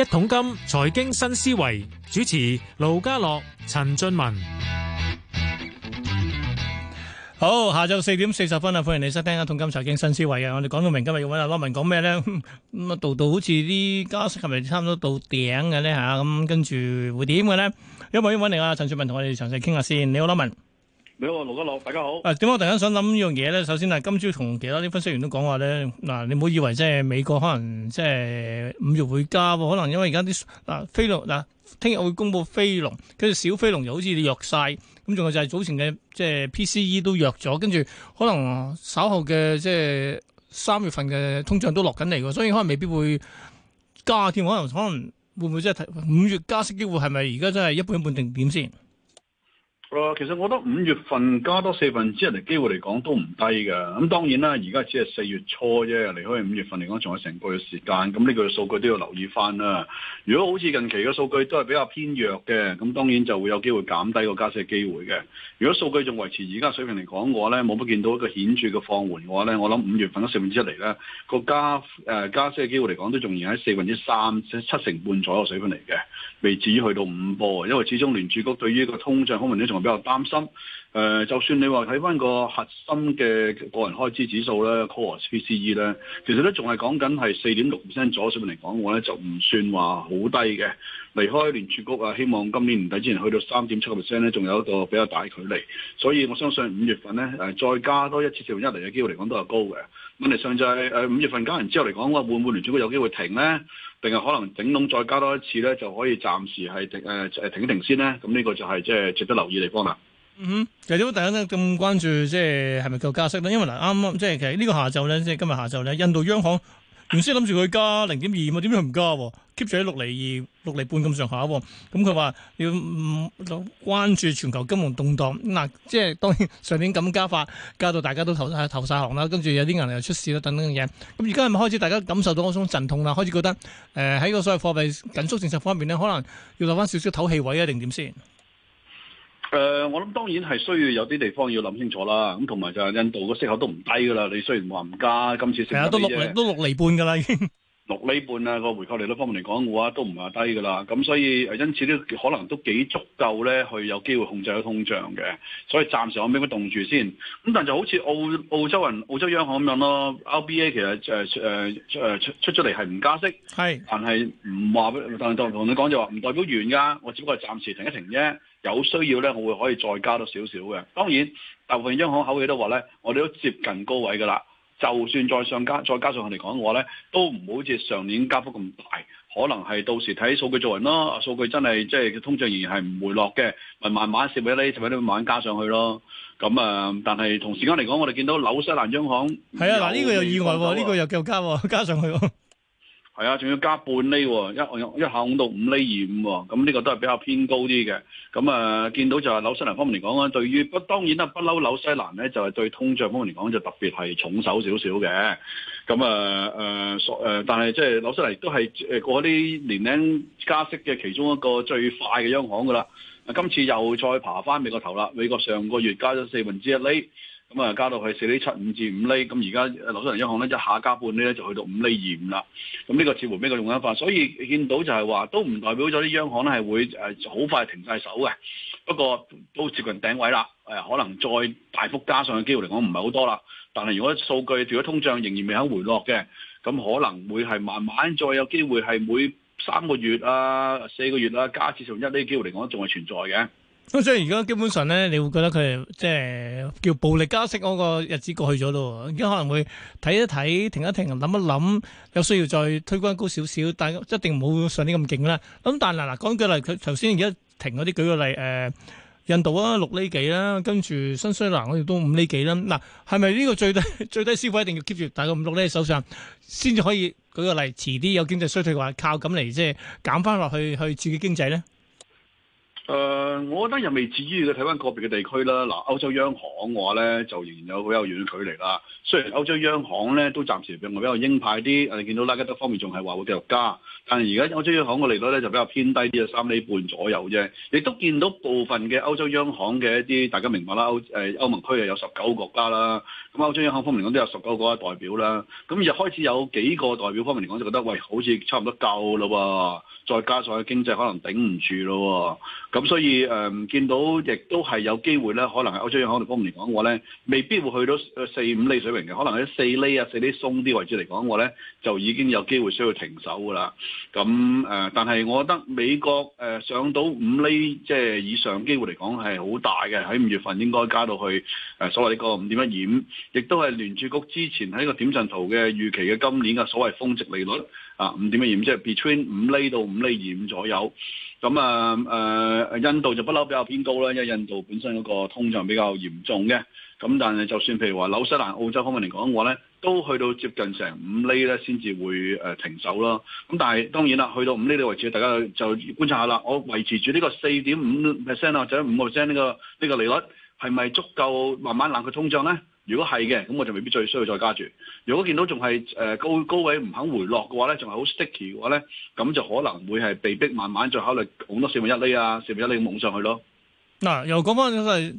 一桶金財經新思維主持盧家樂、陳俊文，好，下晝四點四十分啊，歡迎你收聽一桶金財經新思維啊！我哋講到明今日要揾阿羅文講咩咧，咁啊度度好似啲加息，係咪差唔多到頂嘅咧吓，咁跟住會點嘅咧？有冇？有冇揾羅文嚟啊？陳俊文同我哋詳細傾下先。你好，羅文。你好，六一六，大家好。誒，點解我突然間想諗呢樣嘢咧？首先係今朝同其他啲分析員都講話咧，嗱，你唔好以為即係美國可能即係五月會加，可能因為而家啲嗱非農嗱聽日會公佈非農，跟住小非農又好似弱晒。咁仲有就係早前嘅即係 PCE 都弱咗，跟住可能稍後嘅即係三月份嘅通脹都落緊嚟，所以可能未必會加添，可能可能會唔會即係五月加息機會係咪而家真係一半一半定點先？其實我覺得五月份加多四分之一嘅機會嚟講都唔低嘅。咁當然啦，而家只係四月初啫，離開五月份嚟講仲有成個月時間。咁呢個數據都要留意返啦。如果好似近期嘅數據都係比較偏弱嘅，咁當然就會有機會減低個加息嘅機會嘅。如果數據仲維持而家水平嚟講嘅話呢，冇乜見到一個顯著嘅放緩嘅話呢。我諗五月份嘅四分之一嚟呢個加、呃、加息嘅機會嚟講都仲係喺四分之三七七成半左右水平嚟嘅，未至於去到五波。因為始終聯儲局對於一個通脹方比較擔心，呃、就算你話睇翻個核心嘅個人開支指數咧，core P C E 咧，其實都仲係講緊係四點六 percent 左右，上面嚟講嘅話咧，就唔算話好低嘅。離開聯儲局啊，希望今年年底之前去到三點七 percent 咧，仲有一個比較大嘅距離。所以我相信五月份咧，再加多一次跳一嚟嘅機會嚟講都，都係高嘅。問題上就係五月份加完之後嚟講，我會唔會聯儲局有機會停咧？定係可能頂籠再加多一次咧，就可以暫時係停誒誒、呃、停一停先咧。咁呢個就係即係值得留意嘅地方啦。嗯哼，其實都大家都咁關注，即係係咪夠加息咧？因為嗱，啱啱即係其實呢個下晝咧，即係今日下晝咧，印度央行。原先諗住佢加零點二，點解唔加？keep 住喺六厘二、六厘半咁上下。咁佢話要、嗯、關注全球金融動盪。嗱、啊，即係當然上年咁加法，加到大家都投晒、投晒行啦。跟住有啲銀行又出事啦，等等嘅嘢。咁而家係咪開始大家感受到嗰種陣痛啦、啊？開始覺得誒，喺、呃、個所謂貨幣緊縮政策方面咧，可能要留翻少少唞氣位啊？定點先？誒、呃，我諗當然係需要有啲地方要諗清楚啦，咁同埋就印度個息口都唔低噶啦。你雖然話唔加，今次升得都六都六厘半噶啦， 六厘半啦。個回購利率方面嚟講嘅話，都唔話低噶啦。咁所以因此呢，可能都幾足夠咧，去有機會控制到通脹嘅。所以暫時我俾佢凍住先。咁但就好似澳澳洲人、澳洲央行咁樣咯，RBA 其實誒誒誒出出出嚟係唔加息，係，但係唔話，但就同你講就話唔代表完噶，我只不過係暫時停一停啫。有需要咧，我會可以再加多少少嘅。當然，大部分央行口氣都話咧，我哋都接近高位嘅啦。就算再上加，再加上嚟哋講嘅話咧，都唔好似上年加幅咁大。可能係到時睇數據做人咯。數據真係即係通脹仍然係唔回落嘅，咪慢慢蝕畀你，蝕畀你慢慢加上去咯。咁、嗯、啊，但係同時間嚟講，我哋見到紐西蘭央行係啊，嗱呢個又意外喎，呢、呢個又加喎，加上去喎。 係啊，仲要加半厘，哦，一一下五到五厘二五喎，咁呢個都係比較偏高啲嘅。咁啊，見到就係紐西蘭方面嚟講啊。對於不當然啦，啊，不嬲紐西蘭咧就係，是，對通脹方面嚟講就特別係重手少少嘅。咁啊誒，啊，但係即係紐西蘭亦都係誒過啲年零加息嘅其中一個最快嘅央行噶啦。今次又再爬翻美國頭啦，美國上個月加咗四分之一厘。咁啊，加到去四厘七五至五厘，咁而家紐西蘭央行咧一下加半厘咧，就去到五厘二五啦。咁呢個似乎邊個用緊法？所以見到就係話，都唔代表咗啲央行咧係會好快停晒手嘅。不過都接近頂位啦，可能再大幅加上嘅機會嚟講唔係好多啦。但係如果數據除咗通脹仍然未肯回落嘅，咁可能會係慢慢再有機會係每三個月啊、四個月啊加次上一厘啲機會嚟講仲係存在嘅。咁所以而家基本上咧，你會覺得佢係即係叫暴力加息嗰個日子過去咗咯，而家可能會睇一睇，停一停，諗一諗，有需要再推高高少少，但一定唔會上啲咁勁啦。咁但嗱嗱，講句話，佢頭先而家停嗰啲舉個例，誒印度啊六厘幾啦，跟住新西蘭我哋都五厘幾啦。嗱，係咪呢個最低最低消費一定要 keep 住大概五六厘手上，先至可以舉個例遲啲有經濟衰退嘅話，靠咁嚟即係減翻落去去刺激經濟咧？誒、uh,，我覺得又未至於去睇翻個別嘅地區啦。嗱，歐洲央行嘅話咧，就仍然有好有遠距離啦。雖然歐洲央行咧都暫時比較比較鷹派啲，你見到拉加德方面仲係話會繼續加，但係而家歐洲央行嘅利率咧就比較偏低啲，三厘半左右啫。亦都見到部分嘅歐洲央行嘅一啲，大家明白啦，歐誒歐盟區有十九個國家啦，咁歐洲央行方面嚟講都有十九個代表啦。咁而開始有幾個代表方面嚟講就覺得，喂，好似差唔多夠咯喎、啊，再加上嘅經濟可能頂唔住咯喎、啊，咁所以誒、嗯、見到亦都係有機會咧，可能係歐洲央行方面嚟講我咧，未必會去到四五厘水平嘅，可能喺四厘啊四厘鬆啲位置嚟講我咧，就已經有機會需要停手噶啦。咁誒、呃，但係我覺得美國誒、呃、上到五厘，即、就、係、是、以上的機會嚟講係好大嘅，喺五月份應該加到去誒、呃、所謂呢個五點一二五，亦都係聯儲局之前喺呢個點陣圖嘅預期嘅今年嘅所謂峰值利率。啊，五點幾嚴，即係 between 五厘到五厘二五左右。咁啊，誒印度就不嬲比較偏高啦，因為印度本身嗰個通脹比較嚴重嘅。咁但係就算譬如話紐西蘭、澳洲方面嚟講嘅話咧，都去到接近成五厘咧，先至會誒停手咯。咁但係當然啦，去到五厘嘅位置，大家就觀察下啦。我維持住呢個四點五 percent 或者五 percent 呢個呢個利率，係咪足夠慢慢冷佢通脹咧？如果係嘅，咁我就未必最需要再加住。如果見到仲係誒高高位唔肯回落嘅話咧，仲係好 sticky 嘅話咧，咁就可能會係被逼慢慢再考慮好多四分一厘啊，四分一厘咁往上去咯。嗱、啊，又講翻嚟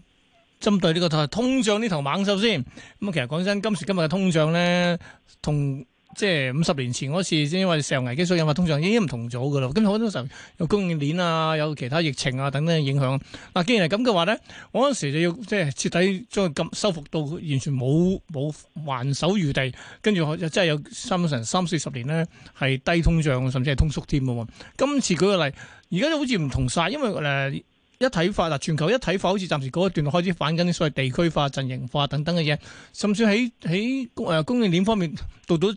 針對呢、呢個通脹呢頭猛獸先。咁、嗯、其實講真，今時今日嘅通脹咧，同，即係五十年前嗰次，先因為石油危機有，所引發通脹已經唔同咗噶啦。咁好多時候有供應鏈啊，有其他疫情啊等等嘅影響。嗱，既然係咁嘅話咧，我嗰陣時候就要即係徹底將佢咁收復到完全冇冇還手餘地。跟住又真係有三、成三四十年咧係低通脹，甚至係通縮添嘅喎。今次舉個例，而家都好似唔同晒，因為誒一體化嗱，全球一體化好似暫時嗰一段開始反緊啲所謂地區化、陣營化等等嘅嘢。甚至喺喺誒供應鏈方面度到。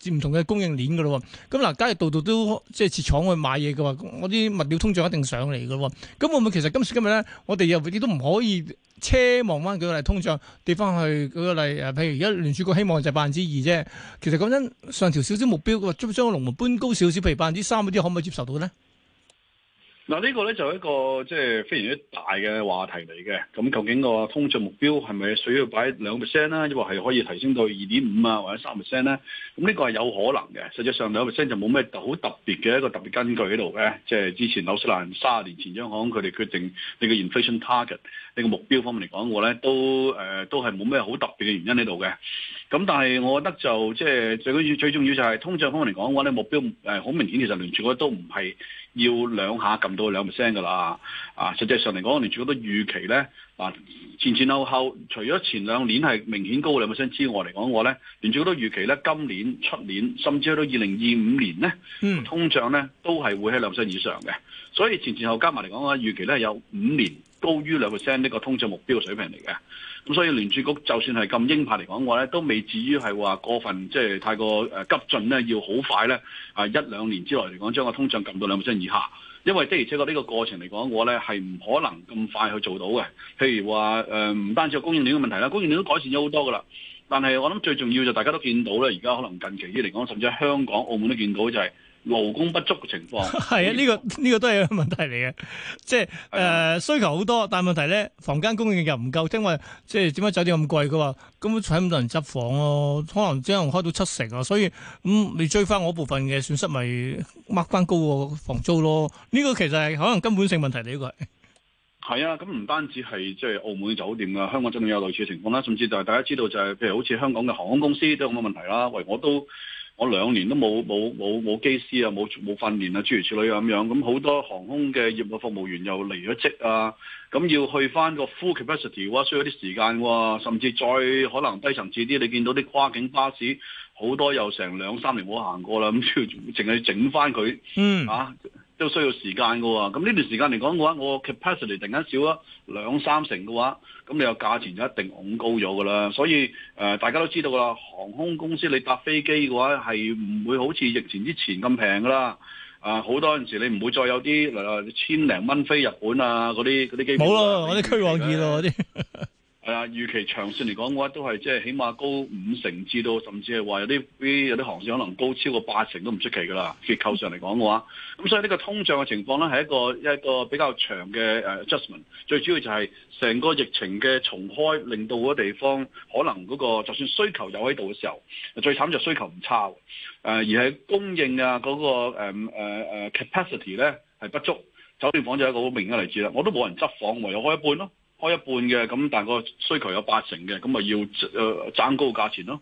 接唔同嘅供應鏈嘅咯，咁嗱，假如度度都即係設廠去買嘢嘅話，我啲物料通脹一定上嚟嘅喎，咁會唔會其實今時今日咧，我哋又永遠都唔可以奢望翻舉個例通脹跌翻去嗰個例，誒，譬如而家聯儲局希望就係百分之二啫，其實講真，上調少少目標嘅話，將將個龍門搬高少少，譬如百分之三嗰啲，可唔可以接受到咧？嗱、這個、呢個咧就是、一個即係、就是、非常之大嘅話題嚟嘅，咁究竟個通脹目標係咪需要擺兩 percent 啦？抑或係可以提升到二點五啊，或者三 percent 咧？咁呢個係有可能嘅。實際上兩 percent 就冇咩好特別嘅一個特別根據喺度嘅。即係之前紐西蘭卅年前央行佢哋決定呢個 inflation target，呢個目標方面嚟講嘅話咧，都誒、呃、都係冇咩好特別嘅原因喺度嘅。咁但係我覺得就即係、就是、最緊要最重要就係通脹方面嚟講嘅話咧，目標誒好明顯其實聯儲局都唔係。要兩下撳到兩 percent 噶啦，啊，實際上嚟講，我哋主要都覺得預期咧。前前後後，除咗前兩年係明顯高兩 percent 之外，嚟講我呢，我咧聯儲局都預期咧今年、出年，甚至去到二零二五年咧，通脹咧都係會喺兩 percent 以上嘅。所以前前後加埋嚟講咧，預期咧有五年高於兩 percent 呢個通脹目標水平嚟嘅。咁所以聯儲局就算係咁鷹派嚟講嘅話咧，都未至於係話過分，即係，誒太過急進咧，要好快咧啊一兩年之內嚟講，將個通脹撳到兩 percent 以下。因為的而且確呢個過程嚟講，我咧係唔可能咁快去做到嘅。譬如話，誒、呃、唔單止個供應鏈嘅問題啦，供應鏈都改善咗好多噶啦。但係我諗最重要就大家都見到咧，而家可能近期啲嚟講，甚至喺香港、澳門都見到就係、是。勞工不足嘅情況係 啊，呢、這個呢、這個都係一個問題嚟嘅，即係誒需求好多，但係問題咧房間供應又唔夠。聽話即係點解酒店咁貴？佢話根本請唔到人執房咯、啊，可能只能開到七成啊。所以咁、嗯、你追翻我部分嘅損失，咪掹翻高個房租咯？呢、這個其實係可能根本性的問題嚟，呢個係係啊。咁唔、啊、單止係即係澳門酒店啊，香港，仲有類似嘅情況啦、啊。甚至就係大家知道就係、是、譬如好似香港嘅航空公司都有呢個問題啦、啊。喂，我都。我兩年都冇冇冇冇機師啊，冇冇訓練啊，諸如此類啊咁樣，咁好多航空嘅業務服務員又離咗職啊，咁、啊、要去翻個 full capacity 話、啊，需要啲時間喎、啊，甚至再可能低層次啲，你見到啲跨境巴士好多又成兩三年冇行過啦，咁要淨係整翻佢啊？都需要時間噶喎，咁呢段時間嚟講嘅話，我 capacity 突然間少咗兩三成嘅話，咁你個價錢就一定昂高咗噶啦。所以誒、呃，大家都知道噶啦，航空公司你搭飛機嘅話係唔會好似疫情之前咁平噶啦。啊、呃，好多陣時你唔會再有啲、呃、千零蚊飛日本啊嗰啲嗰啲機票、啊。冇咯，啲虛妄意咯啲。 係啊，預期長線嚟講嘅話，都係即係起碼高五成至到，甚至係話有啲有啲航線可能高超過八成都唔出奇㗎啦。結構上嚟講嘅話，咁所以呢個通脹嘅情況咧，係一個一個比較長嘅誒 adjustment。最主要就係成個疫情嘅重開，令到嗰地方可能嗰個就算需求有喺度嘅時候，最慘就需求唔差，誒而係供應啊嗰個誒、um, uh, capacity 咧係不足。酒店房就係一個好明顯嘅例子啦，我都冇人執房，唯有開一半咯。開一半嘅，咁但個需求有八成嘅，咁咪要誒、呃、爭高價錢咯。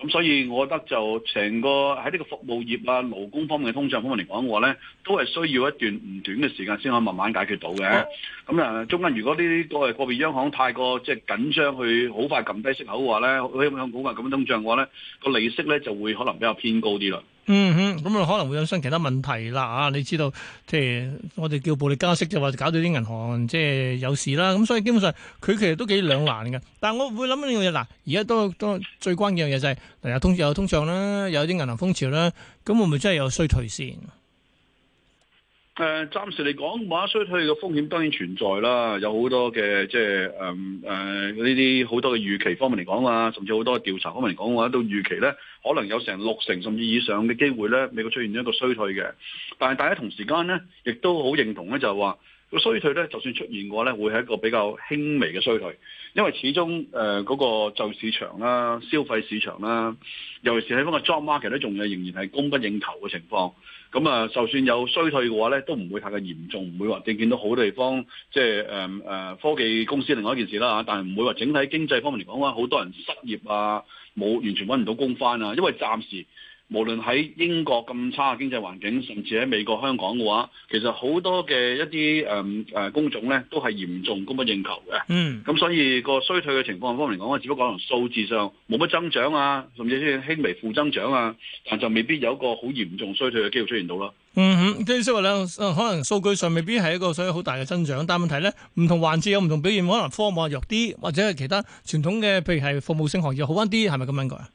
咁所以我覺得就成個喺呢個服務業啊、勞工方面嘅通脹方面嚟講嘅話咧，都係需要一段唔短嘅時間先可以慢慢解決到嘅。咁、哦、啊，中間如果呢啲都係個別央行太過即係緊張去好快撳低息口嘅話咧，好快撳低咁樣通脹嘅話咧，個利息咧就會可能比較偏高啲啦。嗯哼，咁啊可能會有新其他問題啦啊！你知道，即係我哋叫暴力加息就話、是、搞到啲銀行即係、就是、有事啦。咁所以基本上佢其實都幾兩難嘅。但係我會諗呢樣嘢，嗱，而家都都最關鍵嘅嘢就係、是，嗱，有通有通脹啦，有啲銀行風潮啦，咁會唔會真係有衰退先？誒、呃，暫時嚟講，話衰退嘅風險當然存在啦，有好多嘅即係誒誒呢啲好多嘅預期方面嚟講啊，甚至好多嘅調查方面嚟講嘅話，都預期咧，可能有成六成甚至以上嘅機會咧，美國出現咗一個衰退嘅。但係大家同時間咧，亦都好認同咧，就話。個衰退咧，就算出現嘅話咧，會係一個比較輕微嘅衰退，因為始終誒嗰，呃那個就市場啦、消費市場啦，尤其是喺港嘅 job market 都仲係仍然係供不應求嘅情況。咁啊，就算有衰退嘅話咧，都唔會太過嚴重，唔會話正見到好多地方即係誒誒科技公司，另外一件事啦嚇，但係唔會話整體經濟方面嚟講話好多人失業啊，冇完全揾唔到工翻啊，因為暫時。無論喺英國咁差嘅經濟環境，甚至喺美國、香港嘅話，其實好多嘅一啲誒誒工種咧，都係嚴重供不應求嘅。嗯，咁、呃嗯、所以個衰退嘅情況方面嚟講，我只不過可能數字上冇乜增長啊，甚至甚至輕微負增長啊，但就未必有一個好嚴重衰退嘅機會出現到咯。嗯哼，即係話咧，可能數據上未必係一個所以好大嘅增長，但問題咧，唔同環節有唔同表現，可能科目弱啲，或者係其他傳統嘅，譬如係服務性行業好翻啲，係咪咁樣講啊？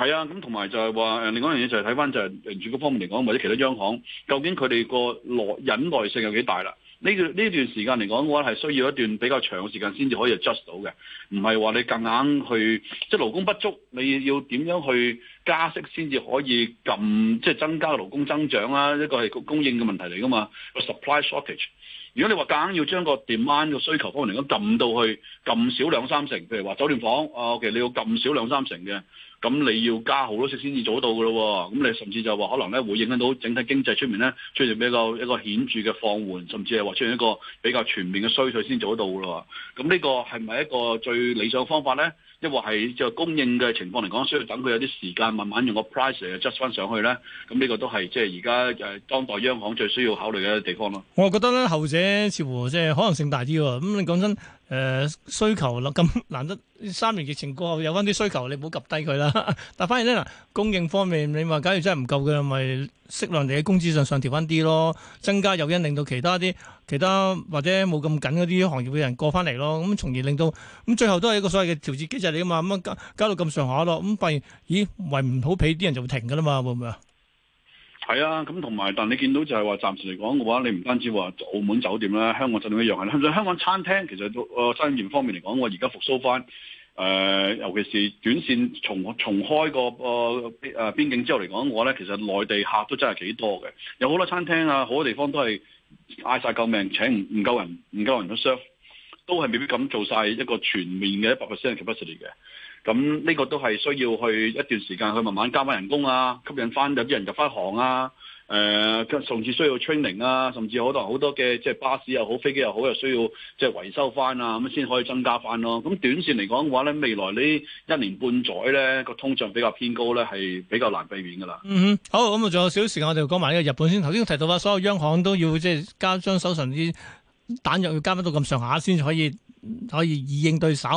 係啊，咁同埋就係話誒，另外一樣嘢就係睇翻就係銀管局方面嚟講，或者其他央行，究竟佢哋個耐忍耐性有幾大啦？呢段呢段時間嚟講，我話係需要一段比較長嘅時間先至可以 adjust 到嘅，唔係話你夾硬去即係勞工不足，你要點樣去加息先至可以撳即係增加勞工增長啊？一個係供供應嘅問題嚟㗎嘛，個 supply shortage。如果你話夾硬要將個 demand 個需求方面嚟講撳到去撳少兩三成，譬如話酒店房，啊 o k 你要撳少兩三成嘅。咁你要加好多息先至做得到噶咯，咁你甚至就話可能咧會影響到整體經濟出面咧，出現比較一個顯著嘅放緩，甚至係話出現一個比較全面嘅衰退先做得到噶咯。咁呢個係咪一個最理想方法咧？抑或係就是供應嘅情況嚟講，需要等佢有啲時間慢慢用個 price 嚟 adjust 翻上去咧。咁呢個都係即係而家就係當代央行最需要考慮嘅一個地方咯。我覺得咧，後者似乎即係可能性大啲喎。咁你講真？誒、呃，需求啦，咁難得三年疫情過後有翻啲需求，你唔好及低佢啦。但反而咧，嗱，供應方面，你話假如真係唔夠嘅，咪適量地喺工資上上調翻啲咯，增加誘因，令到其他啲其他或者冇咁緊嗰啲行業嘅人過翻嚟咯。咁從而令到咁最後都係一個所謂嘅調節機制嚟噶嘛。咁樣加加到咁上下咯，咁發現咦，喂，唔好俾啲人就會停噶啦嘛，會唔會啊？係啊，咁同埋，但係你見到就係話，暫時嚟講嘅話，你唔單止話澳門酒店啦，香港酒店一樣係，甚至香港餐廳其實都誒、呃、生意方面嚟講，我而家復甦翻誒、呃，尤其是短線重重開個個誒邊境之後嚟講嘅話咧，其實內地客都真係幾多嘅，有好多餐廳啊，好多地方都係嗌曬救命，請唔唔夠人，唔夠人去 serve，都係未必咁做曬一個全面嘅百 percent 及百十啲嘅。咁呢個都係需要去一段時間去慢慢加翻人工啊，吸引翻有啲人入翻行啊。誒、呃，甚至需要 training 啊，甚至好多好多嘅即係巴士又好、飛機又好，又需要即係維修翻啊，咁先可以增加翻咯。咁短線嚟講嘅話咧，未來呢一年半載咧，個通脹比較偏高咧，係比較難避免噶啦。嗯哼，好，咁啊，仲有少少時間，我哋講埋呢個日本先。頭先提到啦，所有央行都要即係加將手上啲彈藥要加翻到咁上下，先可以可以以應對稍。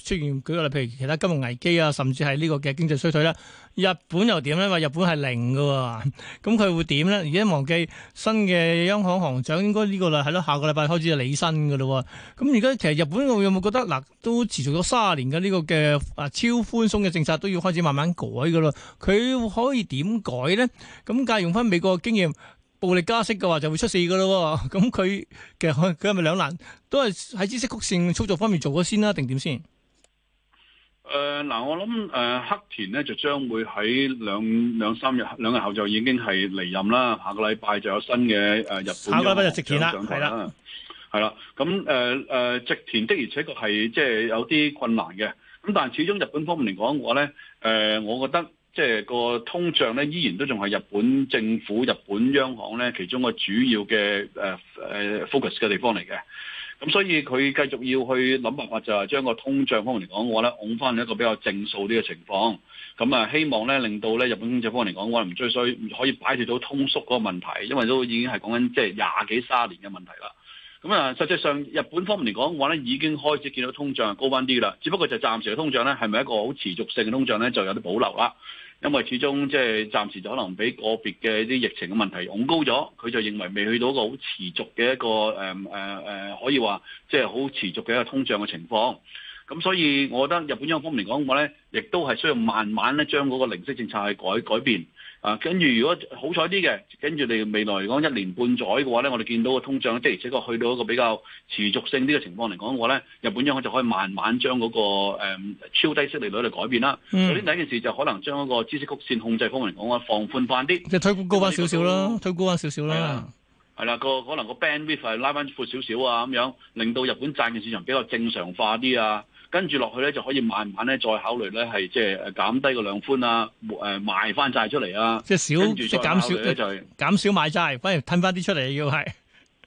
出現舉個例，譬如其他金融危機啊，甚至係呢個嘅經濟衰退啦。日本又點咧？話日本係零嘅，咁佢會點咧？而家忘記新嘅央行行長，應該呢、呢個啦，係咯，下個禮拜開始就理新嘅啦。咁而家其實日本，我有冇覺得嗱、啊，都持續咗三十年嘅呢個嘅啊超寬鬆嘅政策都要開始慢慢改嘅啦。佢可以點改咧？咁介用翻美國嘅經驗，暴力加息嘅話就會出事嘅啦。咁佢其實佢係咪兩難？都係喺孳息曲線操作方面做咗先啦、啊，定點先？誒，嗱，我諗誒、呃、黑田呢，就將會喺兩兩三日兩日後就已經係離任啦，下個禮拜就有新嘅誒、呃、日本央行行長。下個禮拜就植田啦，係啦，係啦。咁誒誒，植田的而且確係即係有啲困難嘅。咁但係始終日本方面嚟講嘅話，我咧誒，我覺得即係個通脹咧，依然都仲係日本政府、日本央行咧其中個主要嘅誒誒 focus 嘅地方嚟嘅。咁所以佢繼續要去諗辦法，就係將個通脹方面嚟講嘅話咧，拱翻一個比較正數啲嘅情況。咁啊，希望咧令到咧日本經濟方面嚟講嘅話唔追衰，可以擺脱到通縮嗰個問題，因為都已經係講緊即係廿幾卅年嘅問題啦。咁啊，實際上日本方面嚟講嘅話咧，已經開始見到通脹高翻啲啦。只不過就暫時嘅通脹咧，係咪一個好持續性嘅通脹咧，就有啲保留啦。因為始終即係暫時就可能俾個別嘅啲疫情嘅問題拱高咗，佢就認為未去到一個好持續嘅一個誒誒誒，可以話即係好持續嘅一個通脹嘅情況。咁所以，我覺得日本央行方面嚟講嘅話咧，亦都係需要慢慢咧將嗰個零息政策去改改變。啊，跟住如果好彩啲嘅，跟住你未來嚟講一年半載嘅話咧，我哋見到個通脹，即係如果去到一個比較持續性情況呢個情況嚟講嘅話咧，日本央行就可以慢慢將嗰、那個、嗯、超低息利率嚟改變啦。首、嗯、先第一件事就可能將嗰個孳息曲線控制方面嚟講啊，放寬翻啲，即、就、係、是、推高高翻少少啦，推高一點點啊少少啦，係啦、啊，個、啊啊、可能個 band width 拉翻闊少少啊，咁樣令到日本債券市場比較正常化啲啊。跟住落去咧，就可以慢慢咧再考慮咧，係即係減低個量寬啊，誒賣翻債出嚟啊，即少即、就係、減少減少買債，反而吞翻啲出嚟要係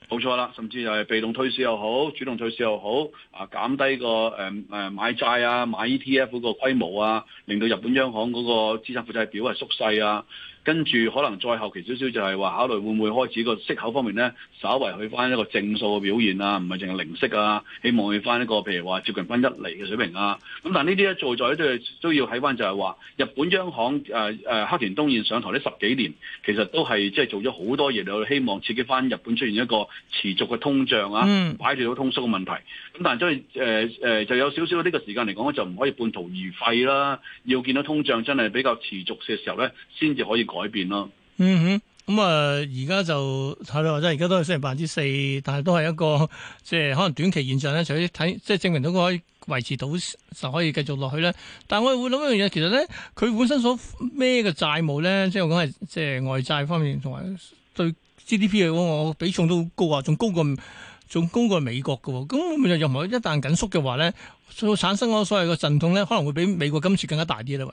冇錯啦，甚至就係被動退市又好，主動退市又好，啊減低個誒誒買債啊，買 ETF 嗰個規模啊，令到日本央行嗰個資產負債表係縮細啊。跟住可能再後期少少就係話考慮會唔會開始個息口方面咧，稍為去翻一個正數嘅表現啊，唔係淨係零息啊，希望去翻一個譬如話接近翻一厘嘅水平啊。咁但係呢啲一做在咧都要睇翻，就係話日本央行誒、啊啊、黑田東彥上台呢十幾年，其實都係即係做咗好多嘢，就希望刺激翻日本出現一個持續嘅通脹啊，擺脫到通縮嘅問題。咁但係都誒就有少少呢個時間嚟講，就唔可以半途而廢啦，要見到通脹真係比較持續嘅時候咧，先至可以。改變咯，嗯哼，咁、嗯、啊，而、嗯、家、嗯、就係啦，即係而家都係升百分之四，但係都係一個即係可能短期現象咧。除非睇，即係證明到佢可以維持到，就可以繼續落去咧。但係我哋會諗一樣嘢，其實咧，佢本身所孭嘅債務咧，即係我講係即係外債方面，同埋對 GDP 嚟講，我比重都高啊，仲高過仲高過美國嘅。咁咁就任何一旦緊縮嘅話咧，所產生嗰所謂嘅陣痛咧，可能會比美國今次更加大啲咧，喂。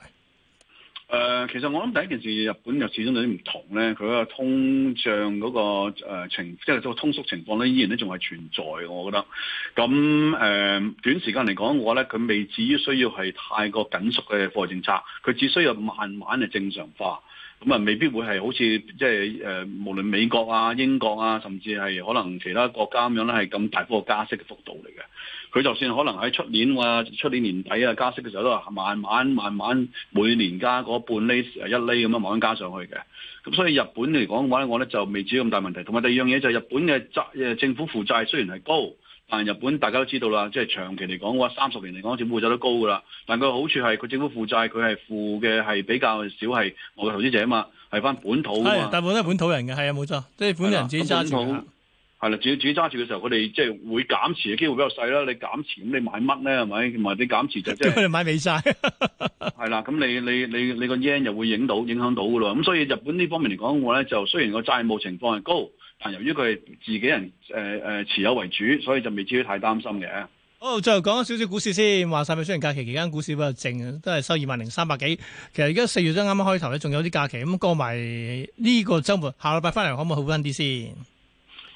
誒、呃，其實我諗第一件事，日本又始終有啲唔同咧，佢個通脹嗰、那個、呃、情，即係通縮情況咧，依然咧仲係存在，我覺得。咁誒、呃，短時間嚟講，我覺得佢未至於需要係太過緊縮嘅貨幣政策，佢只需要慢慢嚟正常化。咁啊，未必會係好似即係誒、呃，無論美國啊、英國啊，甚至係可能其他國家咁樣咧，係咁大嗰個加息嘅幅度嚟嘅。佢就算可能喺出年哇、啊、出年年底啊加息嘅時候，都話慢慢慢慢每年加半厘啊，一厘咁樣慢慢加上去嘅，咁所以日本嚟講嘅話咧，我咧就未至於咁大問題。同埋第二樣嘢就係日本嘅債，誒，政府負債雖然係高，但係日本大家都知道啦，即係長期嚟講嘅話，三十年嚟講，政府負債都高噶啦。但佢好處係，佢政府負債佢係負嘅係比較少係外國投資者啊嘛，係翻本土啊嘛。大部分都係本土人嘅，係啊，冇錯，即係本地人自己揸錢。係啦，主要主要揸住嘅時候，佢哋即係會減持嘅機會比較細啦。你減持，咁你買乜咧？係咪？同埋你減持就即、就、係、是、買美債。係 啦，咁你你你你個 yen 又會影到，影響到噶咯。咁所以日本呢方面嚟講，我咧就雖然個債務情況係高，但由於佢係自己人，誒誒持有為主，所以就未至於太擔心嘅。好，最後講少少股市先。話晒咪，雖然假期期間股市比較靜，都係收二萬零三百幾。其實而家四月都啱啱開頭咧，仲有啲假期。咁過埋呢個周末，下禮拜翻嚟可唔可以好翻啲先？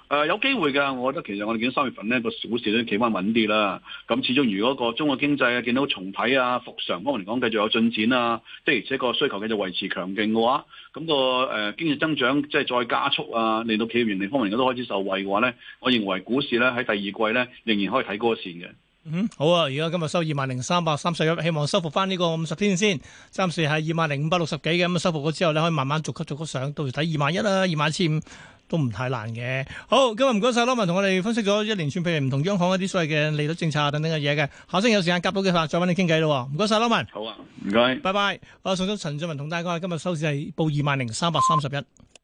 誒、呃，有機會㗎，我覺得其實我哋見到三月份呢個股市都企翻穩啲啦。咁始終如果個中國經濟啊見到重啓啊復常方面嚟講，繼續有進展啊，即係而且個需求繼續維持強勁嘅話，咁、那個誒、呃、經濟增長即係再加速啊，令到企業盈利方面都開始受惠嘅話咧，我認為股市咧喺第二季咧仍然可以睇高一線嘅。嗯，好啊！而家今日收二萬零三百三十一，希望收復翻呢個五十天先。暫時係二萬零五百六十幾嘅，咁收復咗之後咧，可以慢慢逐級逐級上，到時睇二萬一啦，二萬一千五。都唔太難嘅。好，今日唔該晒，羅文同我哋分析咗一連串譬如唔同央行一啲所謂嘅利率政策等等嘅嘢嘅。下星期有時間夾到嘅話，再搵你傾偈咯。唔該晒，羅文。好啊，唔該，拜拜。我送咗陳俊文同大家，今日收市係報二萬零三百三十一。